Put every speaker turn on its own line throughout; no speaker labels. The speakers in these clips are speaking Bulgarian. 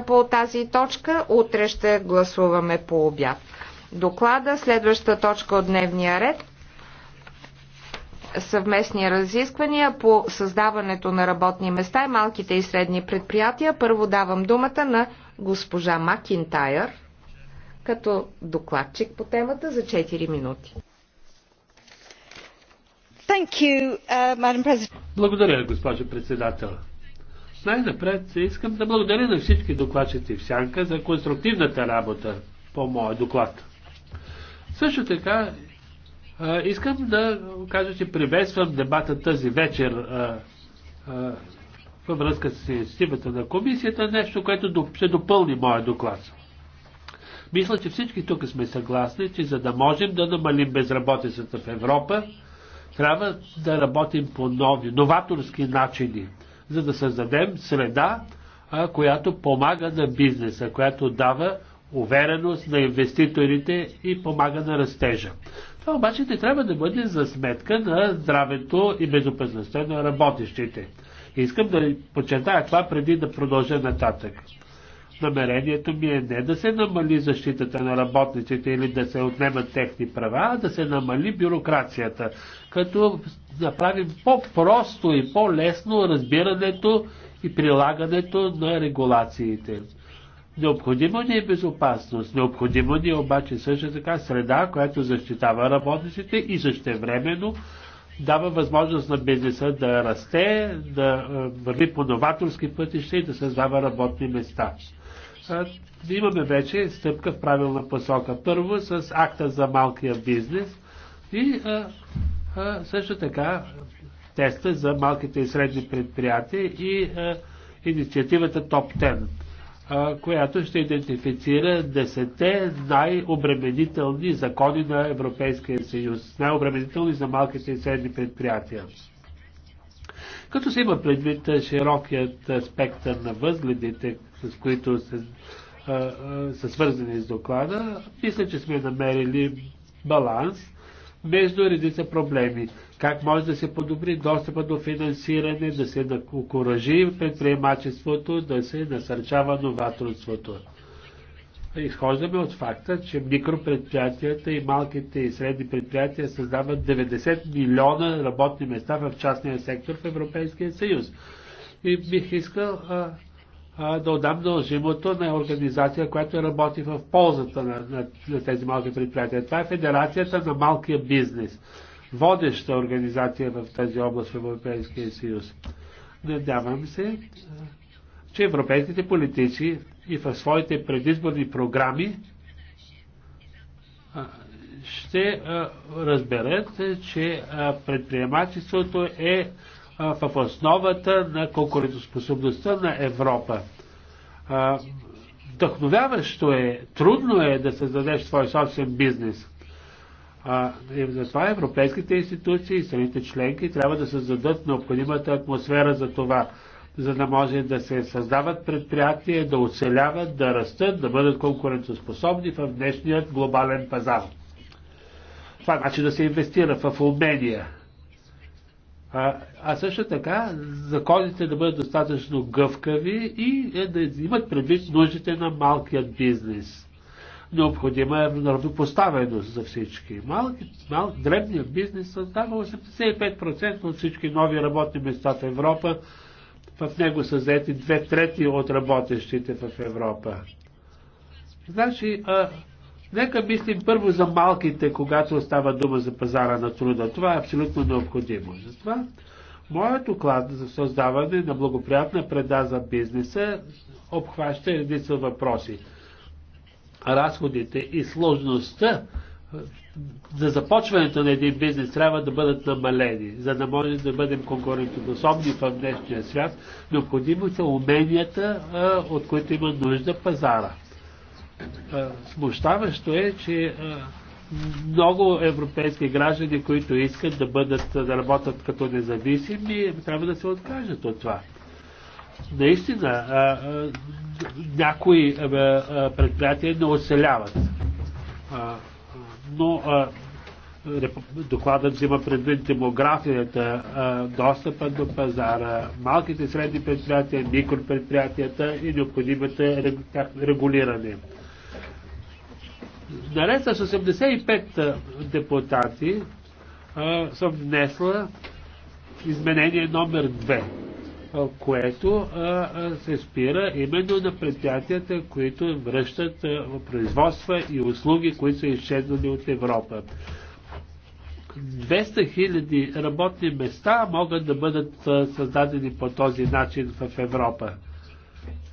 по тази точка. Утре ще гласуваме по обяд. Доклада, следваща точка от дневния ред съвместни разисквания по създаването на работни места и малките и средни предприятия. Първо давам думата на госпожа Макинтайр като докладчик по темата за 4 минути.
Uh,
Благодаря, госпожо председател. Най-напред искам да благодаря на всички докладчици в Сянка за конструктивната работа по моя доклад. Също така искам да кажа, че приветствам дебата тази вечер във връзка с инициативата на комисията, нещо, което ще допълни моя доклад. Мисля, че всички тук сме съгласни, че за да можем да намалим безработицата в Европа, трябва да работим по нови, новаторски начини – за да създадем среда, която помага на бизнеса, която дава увереност на инвеститорите и помага на растежа. Това обаче не трябва да бъде за сметка на здравето и безопасността на работещите. Искам да подчертая това преди да продължа нататък намерението ми е не да се намали защитата на работниците или да се отнемат техни права, а да се намали бюрокрацията, като направим по-просто и по-лесно разбирането и прилагането на регулациите. Необходимо ни е безопасност, Необходимо ни е обаче също така среда, която защитава работниците и същевременно дава възможност на бизнеса да расте, да върви по новаторски пътища и да създава работни места имаме вече стъпка в правилна посока. Първо с акта за малкия бизнес и а, а, също така теста за малките и средни предприятия и а, инициативата Топ 10, която ще идентифицира 10 най-обременителни закони на Европейския съюз, най-обременителни за малките и средни предприятия. Като се има предвид широкият спектър на възгледите, с които се, а, а, са свързани с доклада, мисля, че сме намерили баланс между редица проблеми. Как може да се подобри достъпа до финансиране, да се окоръжи предприемачеството, да се насърчава новаторството. Изхождаме от факта, че микропредприятията и малките и средни предприятия създават 90 милиона работни места в частния сектор в Европейския съюз. И бих искал а, да отдам дължимото на организация, която работи в ползата на, на, на тези малки предприятия. Това е Федерацията на малкия бизнес, водеща организация в тази област в Европейския съюз. Надявам се, че европейските политици и в своите предизборни програми ще разберат, че предприемачеството е в основата на конкурентоспособността на Европа. Вдъхновяващо е, трудно е да създадеш свой собствен бизнес. А, и затова европейските институции и страните членки трябва да създадат необходимата атмосфера за това, за да може да се създават предприятия, да оцеляват, да растат, да бъдат конкурентоспособни в днешният глобален пазар. Това значи да се инвестира в умения, а, а също така законите да бъдат достатъчно гъвкави и е, да имат предвид нуждите на малкият бизнес. Необходима е равнопоставеност за всички. Малки, мал, дребният бизнес създава 85% от всички нови работни места в Европа. В него са заети две трети от работещите в Европа. Значи, а, Нека мислим първо за малките, когато става дума за пазара на труда. Това е абсолютно необходимо. Затова моят оклад за създаване на благоприятна преда за бизнеса обхваща редица въпроси. Разходите и сложността за започването на един бизнес трябва да бъдат намалени. За да може да бъдем конкурентоспособни в днешния свят, необходимо са уменията, от които има нужда пазара. Е, смущаващо е, че е, много европейски граждани, които искат да бъдат, да работят като независими, трябва да се откажат от това. Наистина, е, някои предприятия не оцеляват. Но докладът взима предвид демографията, достъпа до пазара, малките и средни предприятия, микропредприятията и необходимата регулиране наред с 85 депутати съм внесла изменение номер 2, което се спира именно на предприятията, които връщат производства и услуги, които са изчезнали от Европа. 200 хиляди работни места могат да бъдат създадени по този начин в Европа.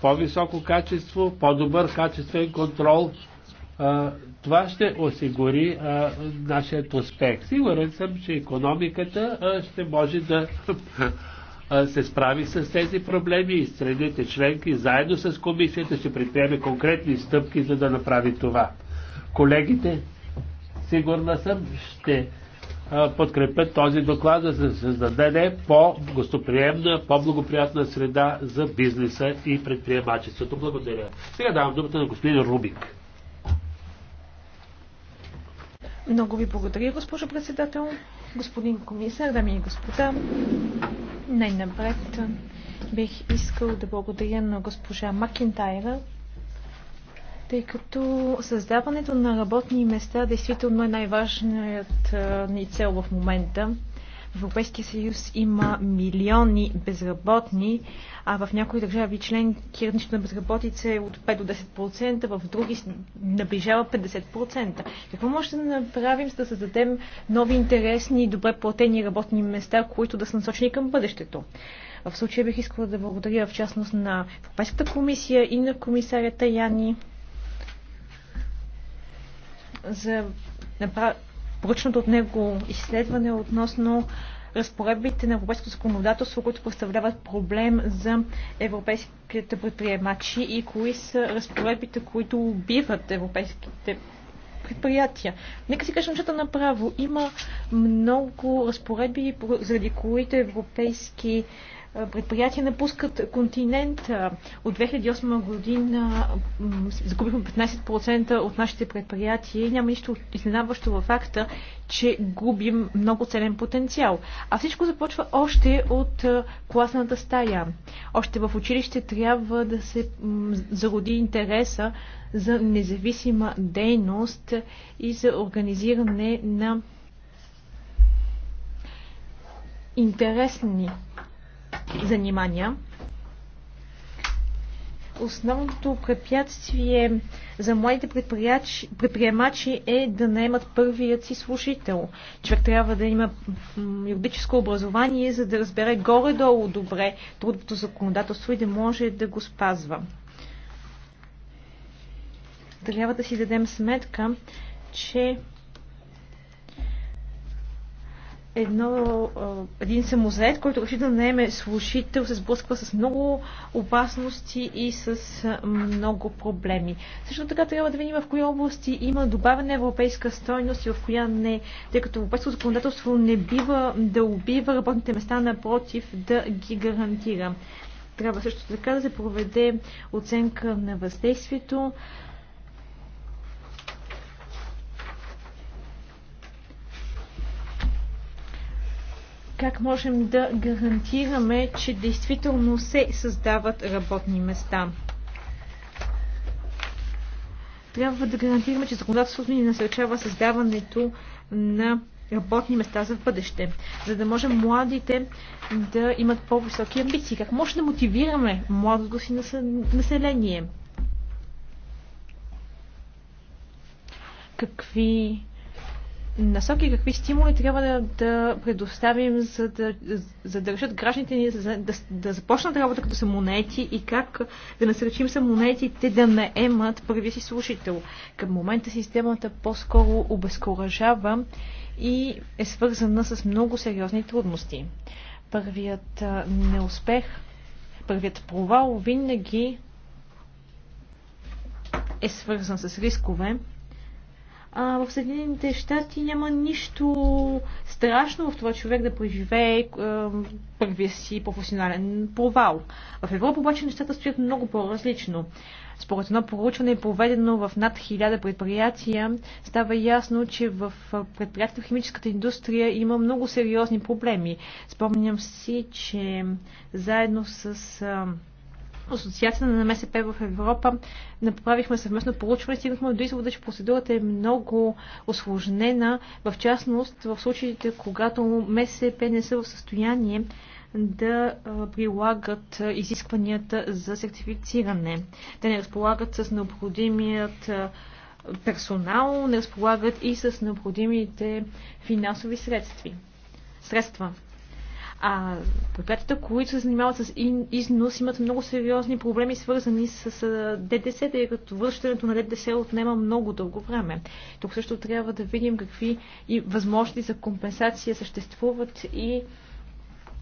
По-високо качество, по-добър качествен контрол, това ще осигури а, нашият успех. Сигурен съм, че економиката а, ще може да а, се справи с тези проблеми и страните членки заедно с комисията ще предприеме конкретни стъпки, за да направи това. Колегите, сигурна съм, ще подкрепят този доклад, за да се създаде по-гостоприемна, по-благоприятна среда за бизнеса и предприемачеството. Благодаря. Сега давам думата на господин Рубик.
Много ви благодаря, госпожо председател, господин комисар, дами и господа. Най-напред бих искал да благодаря на госпожа Макентайра, тъй като създаването на работни места действително е най-важният ни цел в момента. В Европейския съюз има милиони безработни, а в някои държави член равнището на безработица е от 5 до 10%, в други наближава 50%. Какво може да направим, за да създадем нови интересни и добре платени работни места, които да са насочени към бъдещето? В случая бих искала да благодаря в частност на Европейската комисия и на комисарята Яни за поръчното от него изследване относно разпоредбите на европейското законодателство, които представляват проблем за европейските предприемачи и кои са разпоредбите, които убиват европейските предприятия. Нека си кажем, чета направо. Има много разпоредби, заради които европейски предприятия напускат континента. От 2008 година загубихме 15% от нашите предприятия и няма нищо изненадващо във факта, че губим много ценен потенциал. А всичко започва още от класната стая. Още в училище трябва да се зароди интереса за независима дейност и за организиране на интересни занимания. Основното препятствие за младите предприемачи е да наемат първият си служител. Човек трябва да има юридическо образование, за да разбере горе-долу добре трудното законодателство и да може да го спазва. Трябва да си дадем сметка, че едно, един самозает, който реши да наеме слушител, се сблъсква с много опасности и с много проблеми. Също така трябва да видим в кои области има добавена европейска стойност и в коя не, тъй като европейското законодателство не бива да убива работните места, напротив да ги гарантира. Трябва също така да се проведе оценка на въздействието, как можем да гарантираме, че действително се създават работни места. Трябва да гарантираме, че законодателството ни насърчава създаването на работни места за в бъдеще, за да може младите да имат по-високи амбиции. Как може да мотивираме младото си население? Какви насоки, какви стимули трябва да, да предоставим, за да задържат да гражданите ни, за, да, да започнат работа като монети и как да насръчим самонетите да наемат първия си служител. Към момента системата по-скоро обезкуражава и е свързана с много сериозни трудности. Първият неуспех, първият провал винаги е свързан с рискове, а в Съединените щати няма нищо страшно в това човек да преживее а, е, първия си професионален провал. В Европа обаче нещата стоят много по-различно. Според едно проучване, проведено в над 1000 предприятия, става ясно, че в предприятието, в химическата индустрия има много сериозни проблеми. Спомням си, че заедно с Асоциацията на МСП в Европа направихме съвместно получване и стигнахме до извода, че процедурата е много осложнена, в частност в случаите, когато МСП не са в състояние да прилагат изискванията за сертифициране. Те не разполагат с необходимият персонал, не разполагат и с необходимите финансови средства. средства. А предприятията, които се занимават с износ, имат много сериозни проблеми, свързани с ДДС, тъй като връщането на ДДС отнема много дълго време. Тук също трябва да видим какви и възможности за компенсация съществуват и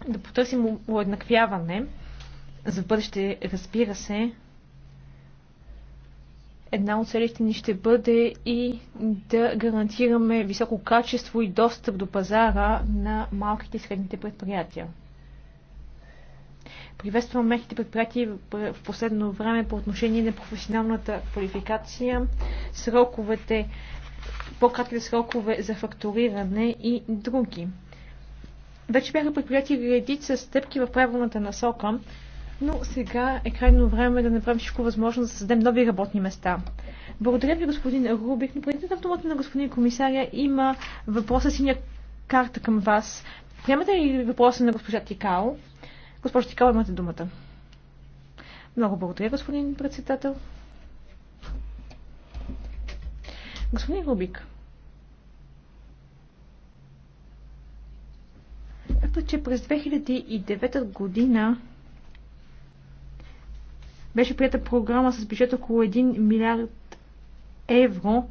да потърсим уеднаквяване за бъдеще, разбира се, Една от целите ни ще бъде и да гарантираме високо качество и достъп до пазара на малките и средните предприятия. Приветствам мехите предприятия в последно време по отношение на професионалната квалификация, сроковете, по-кратки срокове за фактуриране и други. Вече бяха предприятия редица стъпки в правилната насока, но сега е крайно време да направим всичко възможно да създадем нови работни места. Благодаря ви, господин Рубик, но преди да думата на господин комисаря има въпроса синя карта към вас. Приемате ли въпроса на госпожа Тикао? Госпожа Тикао, имате думата. Много благодаря, господин председател. Господин Рубик, както е, че през 2009 година беше прията програма с бюджет около 1 милиард евро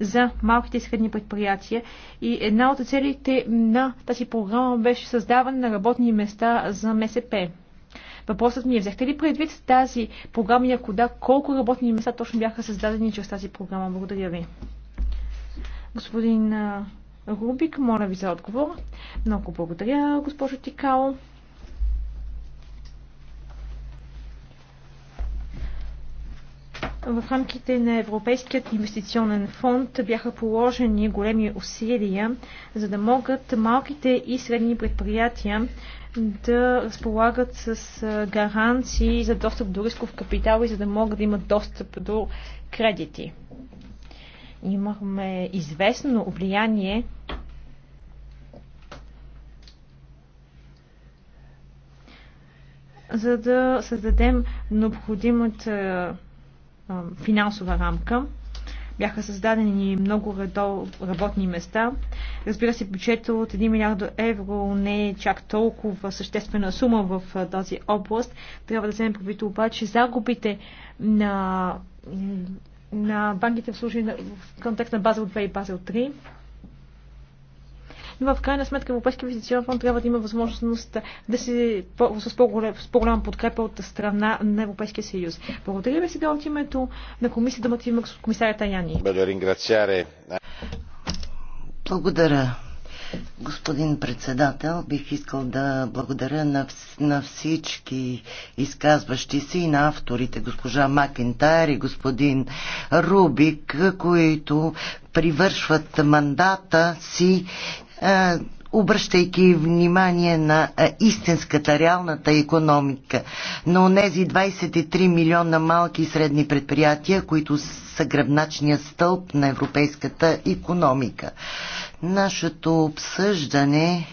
за малките и средни предприятия. И една от целите на тази програма беше създаване на работни места за МСП. Въпросът ми е, взехте ли предвид тази програма и ако да, колко работни места точно бяха създадени чрез тази програма? Благодаря ви. Господин Рубик, моля ви за отговор. Много благодаря, госпожо Тикао. В рамките на Европейският инвестиционен фонд бяха положени големи усилия, за да могат малките и средни предприятия да разполагат с гаранции за достъп до рисков капитал и за да могат да имат достъп до кредити. Имахме известно влияние за да създадем необходимата финансова рамка. Бяха създадени много работни места. Разбира се, бюджета от 1 милиард евро не е чак толкова съществена сума в тази област. Трябва да вземем предвид обаче загубите на, на банките в, служение в контекст на база от 2 и база от 3 но в крайна сметка Европейския инвестиционен фонд трябва да има възможност да се с по-голяма подкрепа от страна на Европейския съюз. Благодаря ви сега от името на комисията да има комисаря Таяни.
Благодаря. Господин председател, бих искал да благодаря на, на всички изказващи се и на авторите, госпожа Макентайр и господин Рубик, които привършват мандата си е, обръщайки внимание на е, истинската, реалната економика, на тези 23 милиона малки и средни предприятия, които са гръбначния стълб на европейската економика. Нашето обсъждане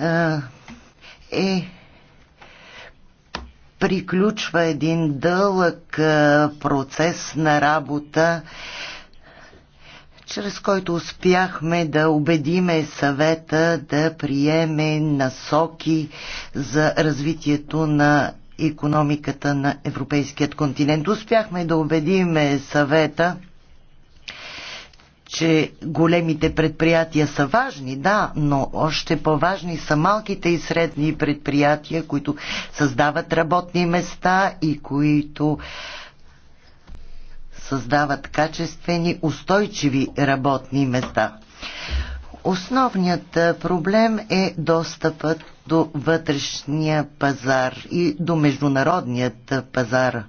е, е приключва един дълъг процес на работа чрез който успяхме да убедиме съвета да приеме насоки за развитието на економиката на европейският континент. Успяхме да убедиме съвета, че големите предприятия са важни, да, но още по-важни са малките и средни предприятия, които създават работни места и които създават качествени, устойчиви работни места. Основният проблем е достъпът до вътрешния пазар и до международният пазар.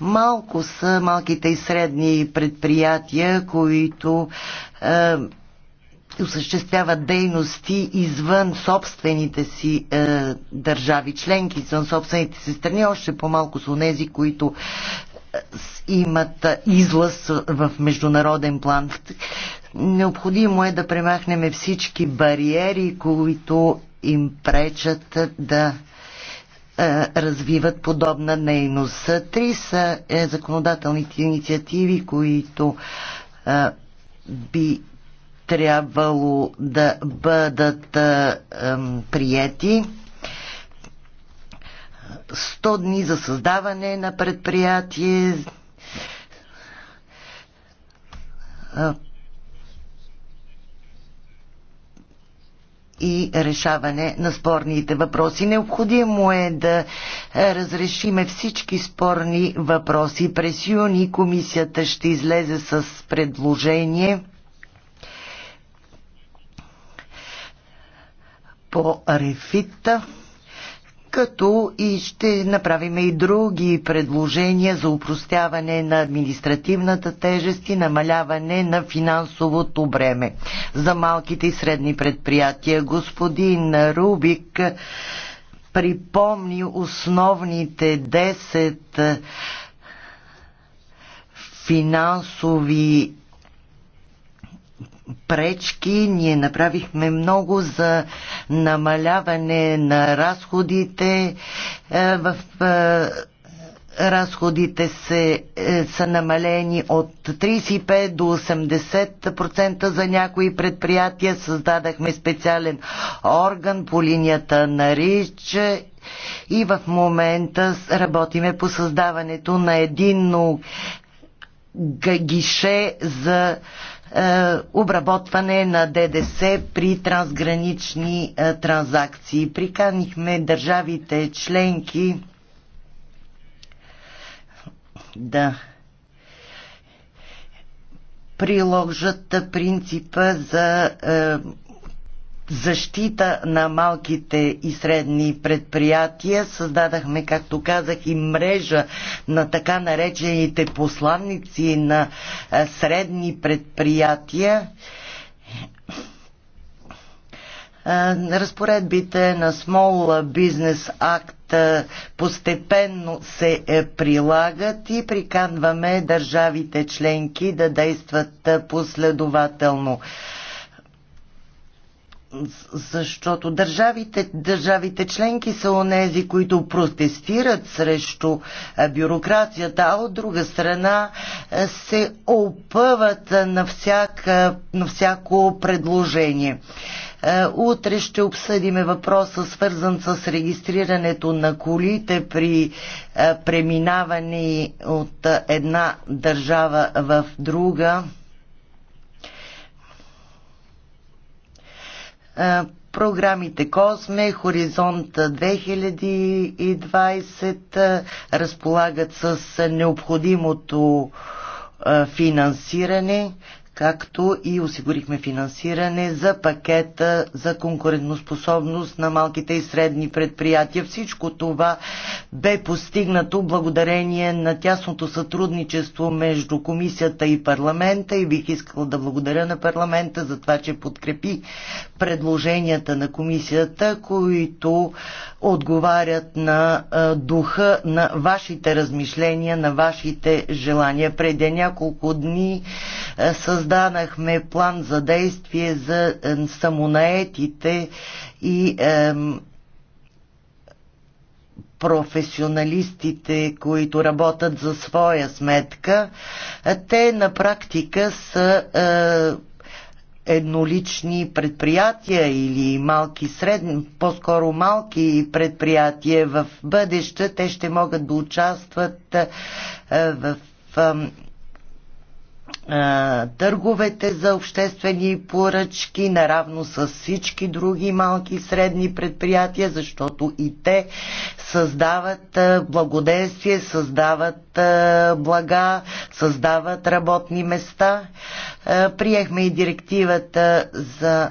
Малко са малките и средни предприятия, които е, осъществяват дейности извън собствените си е, държави членки, извън собствените си страни, още по-малко са тези, които имат излъз в международен план. Необходимо е да премахнем всички бариери, които им пречат да е, развиват подобна нейност. Три са е, законодателните инициативи, които е, би трябвало да бъдат прияти. 100 дни за създаване на предприятие, и решаване на спорните въпроси. Необходимо е да е, разрешиме всички спорни въпроси. През юни комисията ще излезе с предложение по рефита като и ще направим и други предложения за упростяване на административната тежест и намаляване на финансовото бреме за малките и средни предприятия. Господин Рубик припомни основните 10 финансови пречки. Ние направихме много за намаляване на разходите. Е, в е, разходите се, е, са намалени от 35 до 80% за някои предприятия. Създадахме специален орган по линията на РИЧ и в момента работиме по създаването на единно гагише за е, обработване на ДДС при трансгранични е, транзакции. Приканихме държавите членки да приложат принципа за е, защита на малките и средни предприятия. Създадахме, както казах, и мрежа на така наречените посланници на средни предприятия. Разпоредбите на Small Business Act постепенно се е, прилагат и приканваме държавите членки да действат последователно защото държавите, държавите членки са онези, които протестират срещу бюрокрацията, а от друга страна се опъват на, всяка, на всяко предложение. Утре ще обсъдиме въпроса, свързан с регистрирането на колите при преминаване от една държава в друга. програмите Косме, Хоризонт 2020 разполагат с необходимото финансиране, както и осигурихме финансиране за пакета за конкурентоспособност на малките и средни предприятия. Всичко това бе постигнато благодарение на тясното сътрудничество между комисията и парламента и бих искала да благодаря на парламента за това, че подкрепи предложенията на комисията, които отговарят на а, духа на вашите размишления, на вашите желания. Преди няколко дни а, създанахме план за действие за а, самонаетите и а, професионалистите, които работят за своя сметка. Те на практика са еднолични предприятия или малки средни, по-скоро малки предприятия в бъдеще, те ще могат да участват в търговете за обществени поръчки, наравно с всички други малки и средни предприятия, защото и те създават благодействие, създават блага, създават работни места. Приехме и директивата за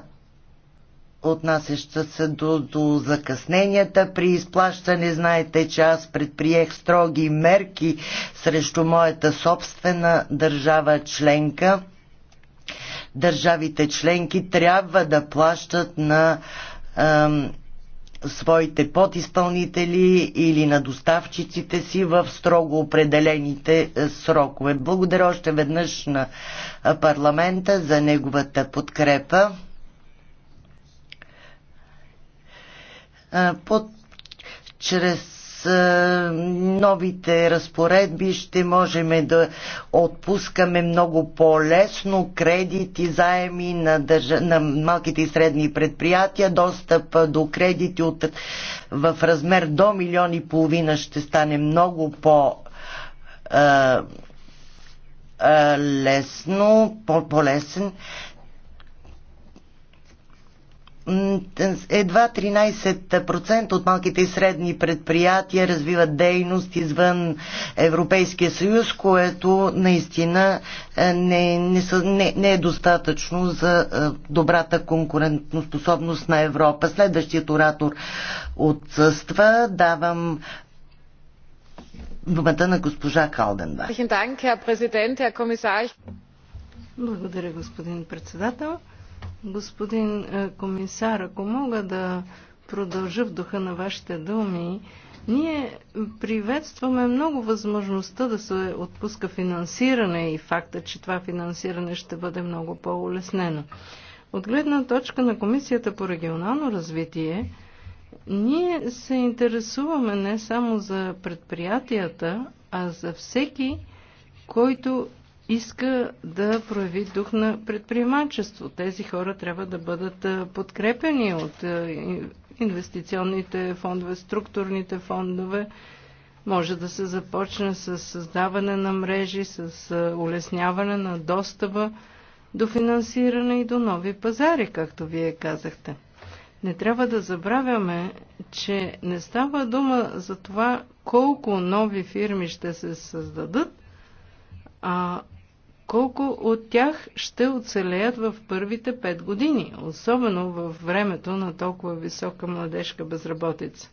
отнасяща се до, до закъсненията при изплащане. Знаете, че аз предприех строги мерки срещу моята собствена държава членка. Държавите членки трябва да плащат на ем, своите подизпълнители или на доставчиците си в строго определените е, срокове. Благодаря още веднъж на парламента за неговата подкрепа. под, чрез новите разпоредби ще можем да отпускаме много по-лесно кредити, заеми на, държа... на малките и средни предприятия. Достъп до кредити от... в размер до милион и половина ще стане много по- лесно, по-лесен едва 13% от малките и средни предприятия развиват дейност извън Европейския съюз, което наистина е, не, не, са, не, не е достатъчно за е, добрата конкурентоспособност на Европа. Следващият оратор отсъства. Давам думата на госпожа Калденба.
Благодаря, господин председател. Господин е, комисар, ако мога да продължа в духа на вашите думи, ние приветстваме много възможността да се отпуска финансиране и факта, че това финансиране ще бъде много по-улеснено. От гледна точка на Комисията по регионално развитие, ние се интересуваме не само за предприятията, а за всеки, който иска да прояви дух на предприемачество. Тези хора трябва да бъдат подкрепени от инвестиционните фондове, структурните фондове. Може да се започне с създаване на мрежи, с улесняване на достъпа до финансиране и до нови пазари, както вие казахте. Не трябва да забравяме, че не става дума за това колко нови фирми ще се създадат, а колко от тях ще оцелеят в първите 5 години, особено в времето на толкова висока младежка безработица.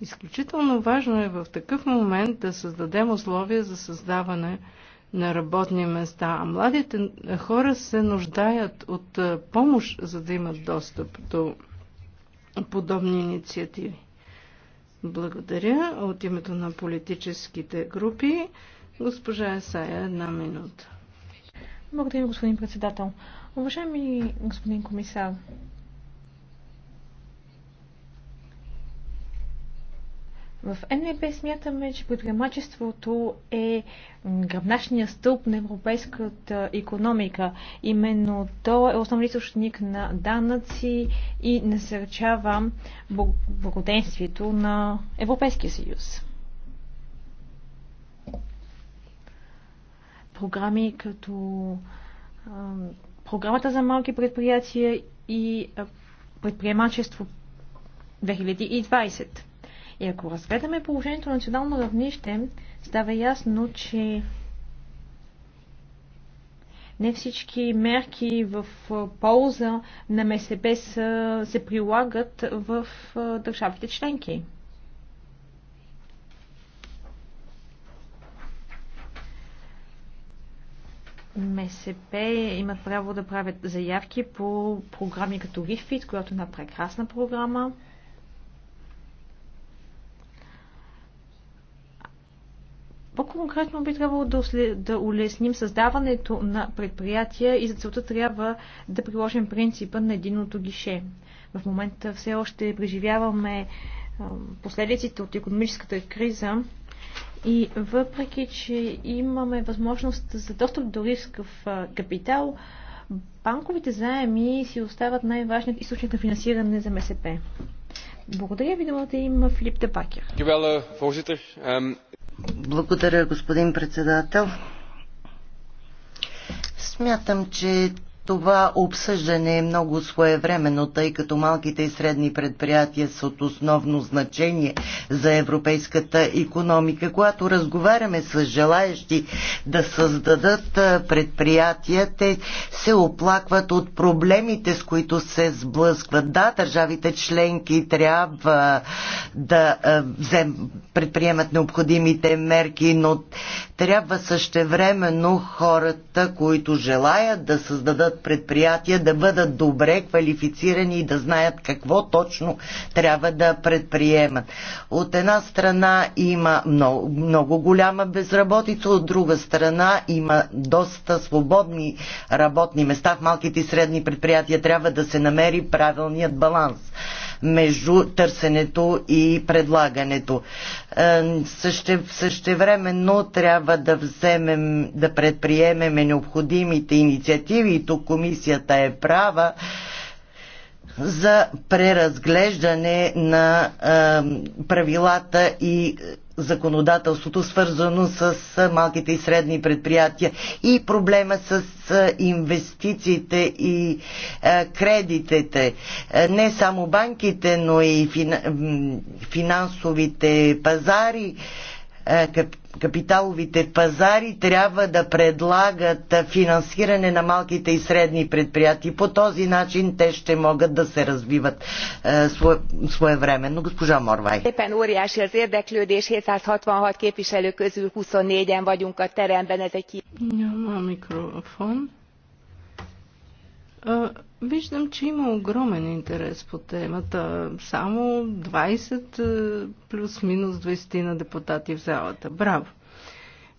Изключително важно е в такъв момент да създадем условия за създаване на работни места, а младите хора се нуждаят от помощ, за да имат достъп до подобни инициативи. Благодаря от името на политическите групи. Госпожа Есая, една минута.
Благодаря ви, господин председател. Уважаеми господин комисар, В НЕБ смятаме, че предприемачеството е гръбначният стълб на европейската економика. Именно то е основен източник на данъци и насърчава благоденствието на Европейския съюз. програми като програмата за малки предприятия и предприемачество 2020. И ако разгледаме положението на национално равнище, става ясно, че не всички мерки в полза на МСП са, се прилагат в държавите членки. МСП имат право да правят заявки по програми като Refit, която е една прекрасна програма. По-конкретно би трябвало да, да улесним създаването на предприятия и за целта трябва да приложим принципа на единното гише. В момента все още преживяваме последиците от економическата криза и въпреки, че имаме възможност за достъп до рисков капитал, банковите заеми си остават най-важният източник на финансиране за МСП. Благодаря ви, думата има Филип Тепакер.
Eh, ehm, Благодаря, господин председател. Смятам, че това обсъждане е много своевременно, тъй като малките и средни предприятия са от основно значение за европейската економика. Когато разговаряме с желаящи да създадат предприятия, те се оплакват от проблемите, с които се сблъскват. Да, държавите членки трябва да взем, предприемат необходимите мерки, но трябва същевременно хората, които желаят да създадат създават предприятия, да бъдат добре квалифицирани и да знаят какво точно трябва да предприемат. От една страна има много, много голяма безработица, от друга страна има доста свободни работни места в малките и средни предприятия. Трябва да се намери правилният баланс между търсенето и предлагането. Е, съще, същевременно трябва да вземем, да предприемеме необходимите инициативи и тук комисията е права за преразглеждане на е, правилата и законодателството, свързано с малките и средни предприятия и проблема с инвестициите и кредитите. Не само банките, но и финансовите пазари, капиталовите пазари трябва да предлагат финансиране на малките и средни предприятия. По този начин те ще могат да се развиват е, свое, своевременно. Госпожа Морвай.
Епен уриаши аз érdeklődés, 766 képviselő közül 24-en vagyunk a teremben. Ez egy...
Няма микрофон. Виждам, че има огромен интерес по темата. Само 20 плюс-минус 20 на депутати в залата. Браво!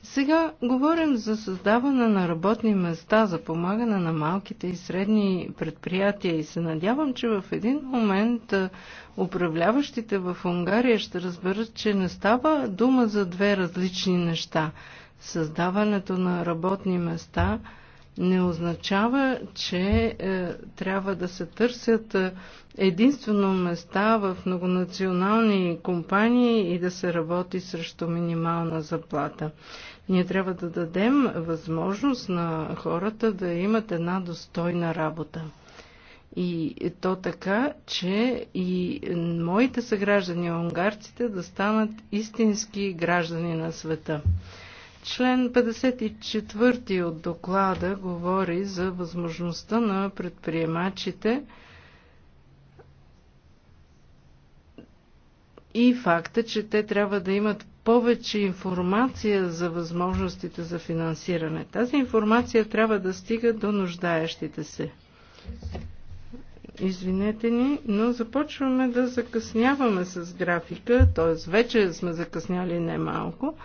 Сега говорим за създаване на работни места, за помагане на малките и средни предприятия и се надявам, че в един момент е, управляващите в Унгария ще разберат, че не става дума за две различни неща. Създаването на работни места – не означава, че е, трябва да се търсят е, единствено места в многонационални компании и да се работи срещу минимална заплата. Ние трябва да дадем възможност на хората да имат една достойна работа. И то така, че и моите съграждани, унгарците, да станат истински граждани на света. Член 54 от доклада говори за възможността на предприемачите и факта, че те трябва да имат повече информация за възможностите за финансиране. Тази информация трябва да стига до нуждаещите се. Извинете ни, но започваме да закъсняваме с графика, т.е. вече сме закъсняли немалко.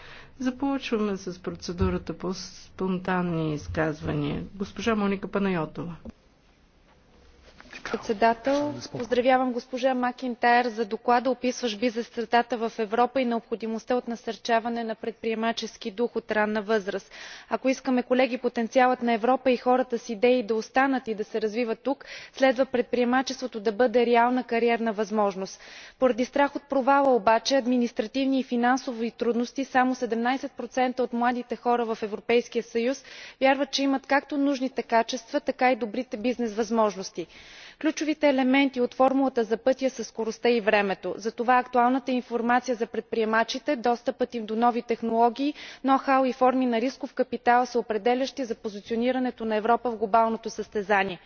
Започваме с процедурата по спонтанни изказвания. Госпожа Моника Панайотова
председател. Поздравявам госпожа Макинтайр за доклада, описващ бизнес средата в Европа и необходимостта от насърчаване на предприемачески дух от ранна възраст. Ако искаме, колеги, потенциалът на Европа и хората с идеи да останат и да се развиват тук, следва предприемачеството да бъде реална кариерна възможност. Поради страх от провала обаче, административни и финансови трудности, само 17% от младите хора в Европейския съюз вярват, че имат както нужните качества, така и добрите бизнес възможности ключовите елементи от формулата за пътя са скоростта и времето затова актуалната информация за предприемачите достъпът им до нови технологии ноу хау и форми на рисков капитал са определящи за позиционирането на европа в глобалното състезание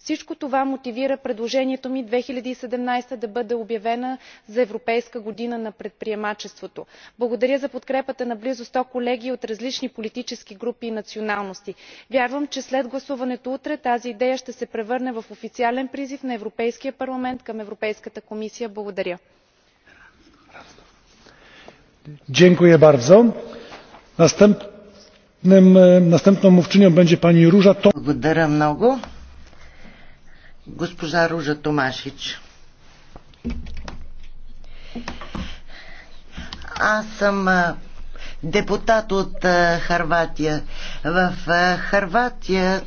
всичко това мотивира предложението ми две хиляди и седемнадесета да бъде обявена за европейска година на предприемачеството. благодаря за подкрепата на близо сто колеги от различни политически групи и националности. вярвам че след гласуването утре тази идея ще се превърне в официален призив на европейския парламент към европейската комисия. благодаря
госпожа Ружа Томашич. Аз съм депутат от Харватия. В Харватия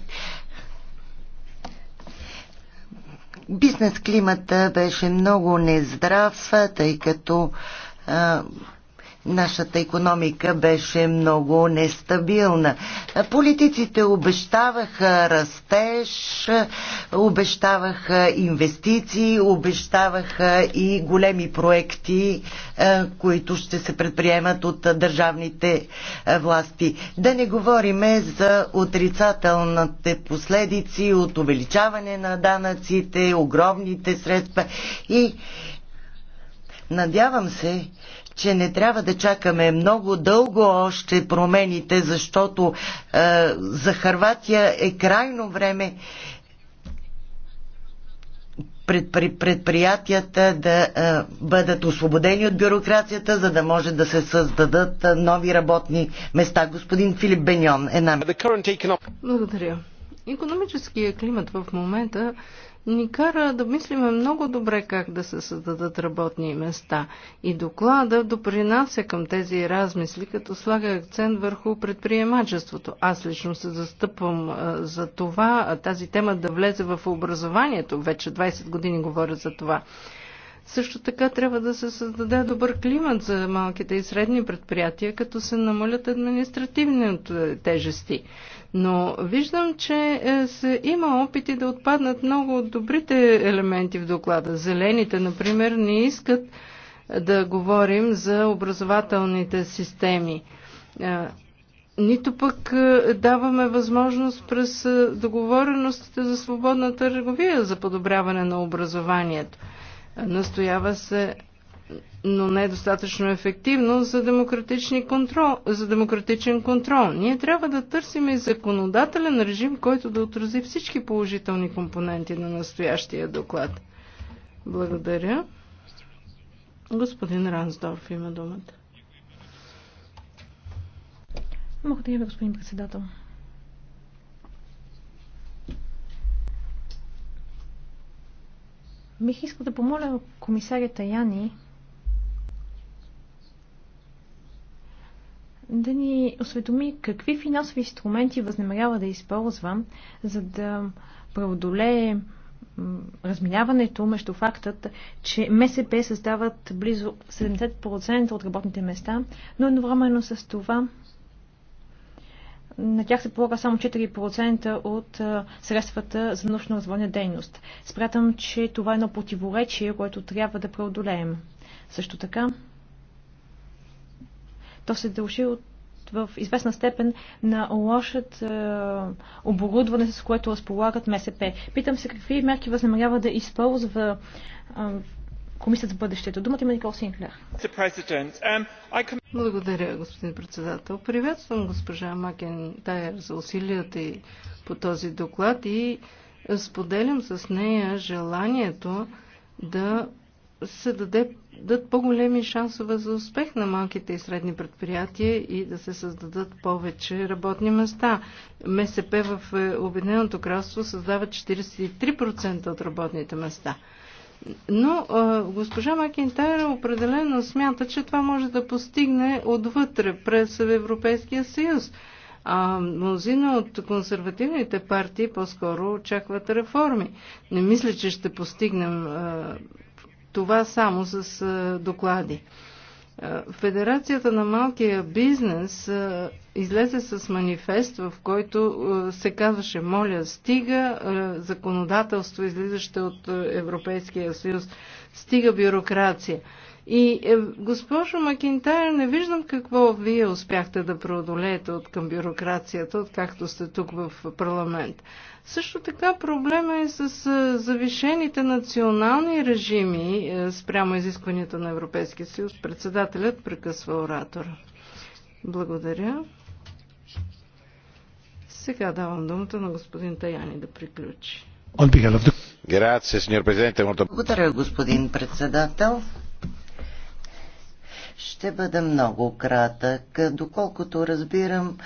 бизнес климата беше много нездрав, тъй като Нашата економика беше много нестабилна. Политиците обещаваха растеж, обещаваха инвестиции, обещаваха и големи проекти, е, които ще се предприемат от държавните е, власти. Да не говориме за отрицателните последици от увеличаване на данъците, огромните средства и Надявам се, че не трябва да чакаме много дълго още промените, защото е, за Харватия е крайно време предприятията да е, бъдат освободени от бюрокрацията, за да може да се създадат е, нови работни места. Господин Филип Беньон, е нам.
Благодаря. Економическия климат в момента ни кара да мислиме много добре как да се създадат работни места. И доклада допринася към тези размисли, като слага акцент върху предприемачеството. Аз лично се застъпвам за това, тази тема да влезе в образованието. Вече 20 години говоря за това. Също така трябва да се създаде добър климат за малките и средни предприятия, като се намалят административните тежести. Но виждам, че е, се има опити да отпаднат много от добрите елементи в доклада. Зелените, например, не искат е, да говорим за образователните системи. Е, нито пък даваме възможност през договореностите за свободна търговия за подобряване на образованието. Настоява се, но не е достатъчно ефективно за, демократични контрол, за демократичен контрол. Ние трябва да търсим и законодателен режим, който да отрази всички положителни компоненти на настоящия доклад. Благодаря. Господин Рансдорф има думата.
Благодаря ви, господин председател. Бих искал да помоля комисарята Яни да ни осведоми какви финансови инструменти възнамерява да използва, за да преодолее разминаването между фактът, че МСП създават близо 70% от работните места, но едновременно с това на тях се полага само 4% от средствата за научно-развойна дейност. Спрятам, че това е едно противоречие, което трябва да преодолеем. Също така, то се дължи от в известна степен на лошат е, оборудване, с което разполагат МСП. Питам се какви мерки възнамерява да
използва е, Комисията за бъдещето. Думата има Никол Синклер. Um, Благодаря, господин председател. Приветствам госпожа Макен Тайер за усилията и по този доклад и споделям с нея желанието да се даде, дадат по-големи шансове за успех на малките и средни предприятия и да се създадат повече работни места. МСП в е, Обединеното кралство създава 43% от работните места – но а, госпожа Макентайра определено смята, че това може да постигне отвътре през Европейския съюз. А мнозина от консервативните партии по-скоро очакват реформи. Не мисля, че ще постигнем а, това само с а, доклади. Федерацията на малкия бизнес излезе с манифест, в който е, се казваше, моля, стига е, законодателство, излизаще от е, Европейския съюз, стига бюрокрация. И, госпожо Макинтайр, не виждам какво вие успяхте да преодолеете от към бюрокрацията, откакто сте тук в парламент. Също така проблема е с завишените национални режими спрямо изискванията на Европейския съюз. Председателят прекъсва оратора. Благодаря. Сега давам думата на господин Таяни да приключи.
Благодаря, господин председател. Ще бъда много кратък. Доколкото разбирам,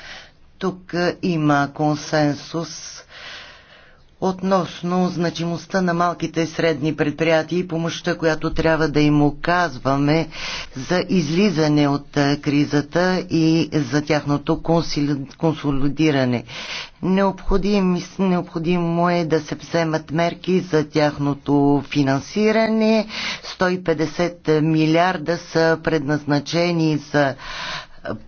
тук има консенсус относно значимостта на малките и средни предприятия и помощта, която трябва да им оказваме за излизане от кризата и за тяхното консолидиране. Необходим, необходимо е да се вземат мерки за тяхното финансиране. 150 милиарда са предназначени за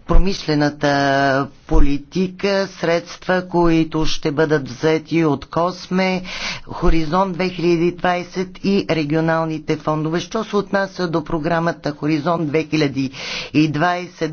промишлената политика, средства, които ще бъдат взети от Косме, Хоризонт 2020 и регионалните фондове. Що се отнася до програмата Хоризонт 2020?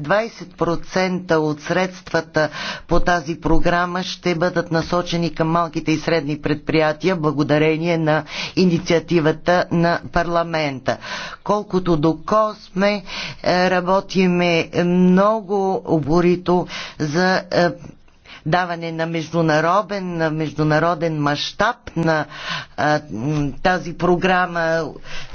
20% от средствата по тази програма ще бъдат насочени към малките и средни предприятия, благодарение на инициативата на парламента. Колкото до Косме, работиме много оборито за за даване на международен, на международен мащаб на а, тази програма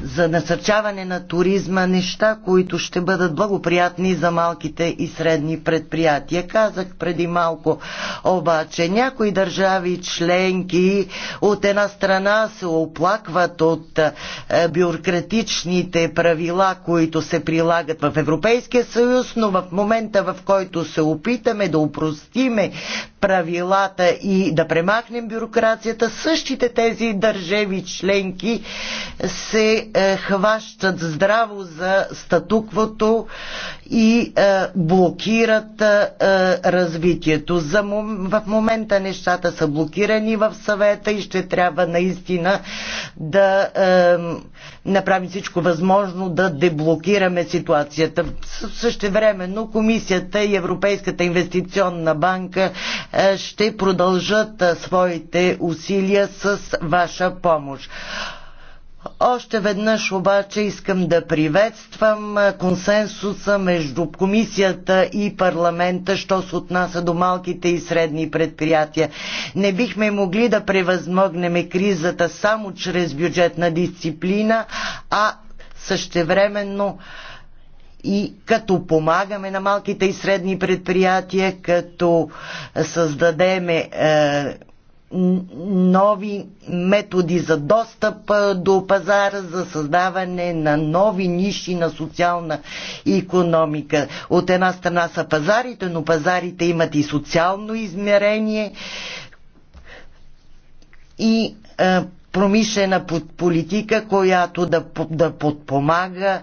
за насърчаване на туризма, неща, които ще бъдат благоприятни за малките и средни предприятия. Казах преди малко обаче, някои държави членки от една страна се оплакват от бюрократичните правила, които се прилагат в Европейския съюз, но в момента в който се опитаме да упростиме правилата и да премахнем бюрокрацията, същите тези държави членки се е, хващат здраво за статуквото и е, блокират е, развитието. За мом... В момента нещата са блокирани в съвета и ще трябва наистина да е, направим всичко възможно да деблокираме ситуацията. Същевременно комисията и Европейската инвестиционна банка е, ще продължат е, своите усилия с ваша помощ. Още веднъж обаче искам да приветствам е, консенсуса между комисията и парламента, що се отнася до малките и средни предприятия. Не бихме могли да превъзмогнем кризата само чрез бюджетна дисциплина, а същевременно и като помагаме на малките и средни предприятия, като създадеме е, нови методи за достъп е, до пазара, за създаване на нови ниши на социална економика. От една страна са пазарите, но пазарите имат и социално измерение и е, промишлена политика, която да, да подпомага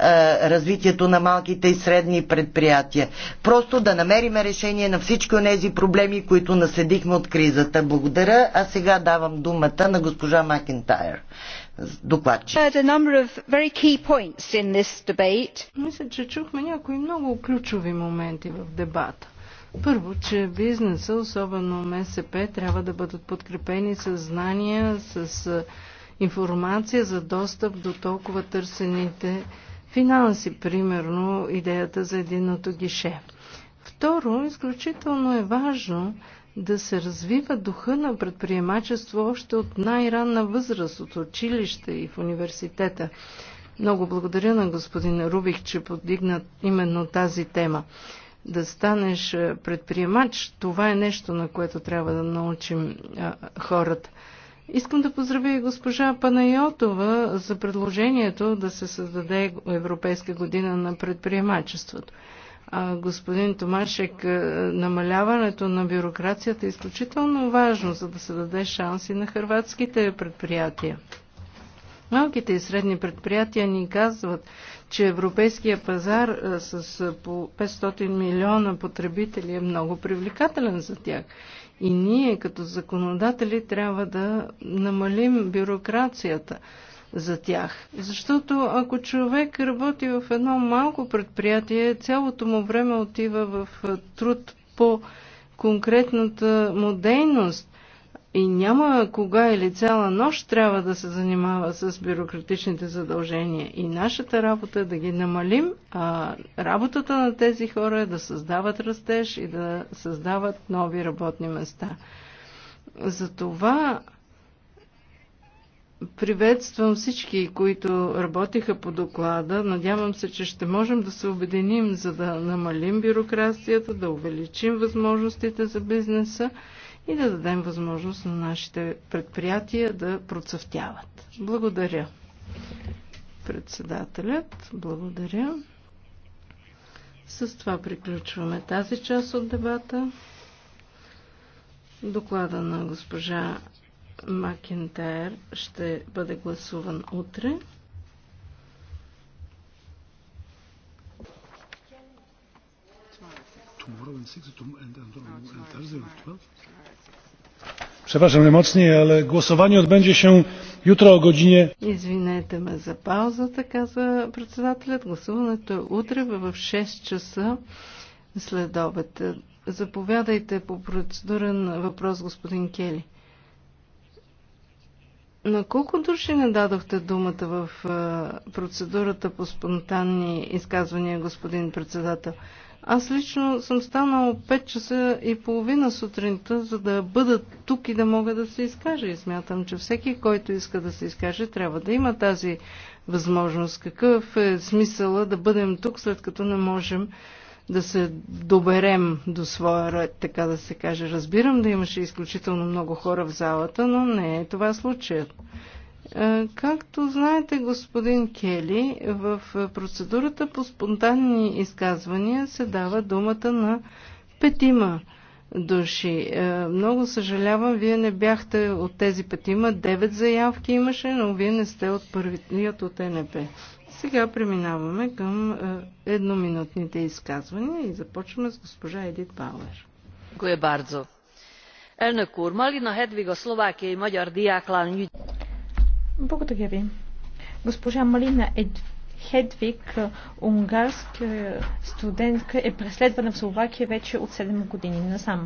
е, развитието на малките и средни предприятия. Просто да намериме решение на всички от тези проблеми, които наследихме от кризата. Благодаря, а сега давам думата на госпожа Макентайр докладчик. Мисля, че чухме
някои много ключови моменти в дебата. Първо, че бизнеса, особено МСП, трябва да бъдат подкрепени с знания, с информация за достъп до толкова търсените финанси, примерно идеята за единното гише. Второ, изключително е важно да се развива духа на предприемачество още от най-ранна възраст, от училище и в университета. Много благодаря на господин Рубих, че подигна именно тази тема да станеш е, предприемач, това е нещо, на което трябва да научим а, е, хората. Искам да поздравя и госпожа Панайотова за предложението да се създаде Европейска година на предприемачеството. А, господин Томашек, е, намаляването на бюрокрацията е изключително важно, за да се даде шанси на хрватските предприятия. Малките и средни предприятия ни казват, че европейския пазар с по 500 милиона потребители е много привлекателен за тях. И ние като законодатели трябва да намалим бюрокрацията за тях. Защото ако човек работи в едно малко предприятие, цялото му време отива в труд по конкретната му дейност и няма кога или цяла нощ трябва да се занимава с бюрократичните задължения. И нашата работа е да ги намалим, а работата на тези хора е да създават растеж и да създават нови работни места. Затова приветствам всички, които работиха по доклада. Надявам се, че ще можем да се обединим, за да намалим бюрокрацията, да увеличим възможностите за бизнеса и да дадем възможност на нашите предприятия да процъфтяват. Благодаря. Председателят, благодаря. С това приключваме тази част от дебата. Доклада на госпожа Макентайр ще бъде гласуван утре. tomorrow and six tom- and, and, and Thursday
Przepraszam najmocniej, ale głosowanie odbędzie się jutro o godzinie...
Извинете ме за паузата, казва председателят. Гласуването е утре в 6 часа след обед. Заповядайте по процедурен въпрос, господин Кели. На колко души не дадохте думата в процедурата по спонтанни изказвания, господин председател? Аз лично съм станал 5 часа и половина сутринта, за да бъда тук и да мога да се изкажа. И смятам, че всеки, който иска да се изкаже, трябва да има тази възможност. Какъв е смисъла да бъдем тук, след като не можем да се доберем до своя ред, така да се каже. Разбирам да имаше изключително много хора в залата, но не е това случаят. Е, както знаете, господин Кели, в процедурата по спонтанни изказвания се дава думата на петима души. Е, много съжалявам, вие не бяхте от тези петима. Девет заявки имаше, но вие не сте от първият от НП. Сега преминаваме към е, едноминутните изказвания и започваме с госпожа Едит Бауер. Dziękuję bardzo. Elnök úr, Malina Hedvig a szlovákiai
благодаря ви. Госпожа Малина Ед... Хедвик, е, унгарска е, студентка, е преследвана в Словакия вече от 7 години насам.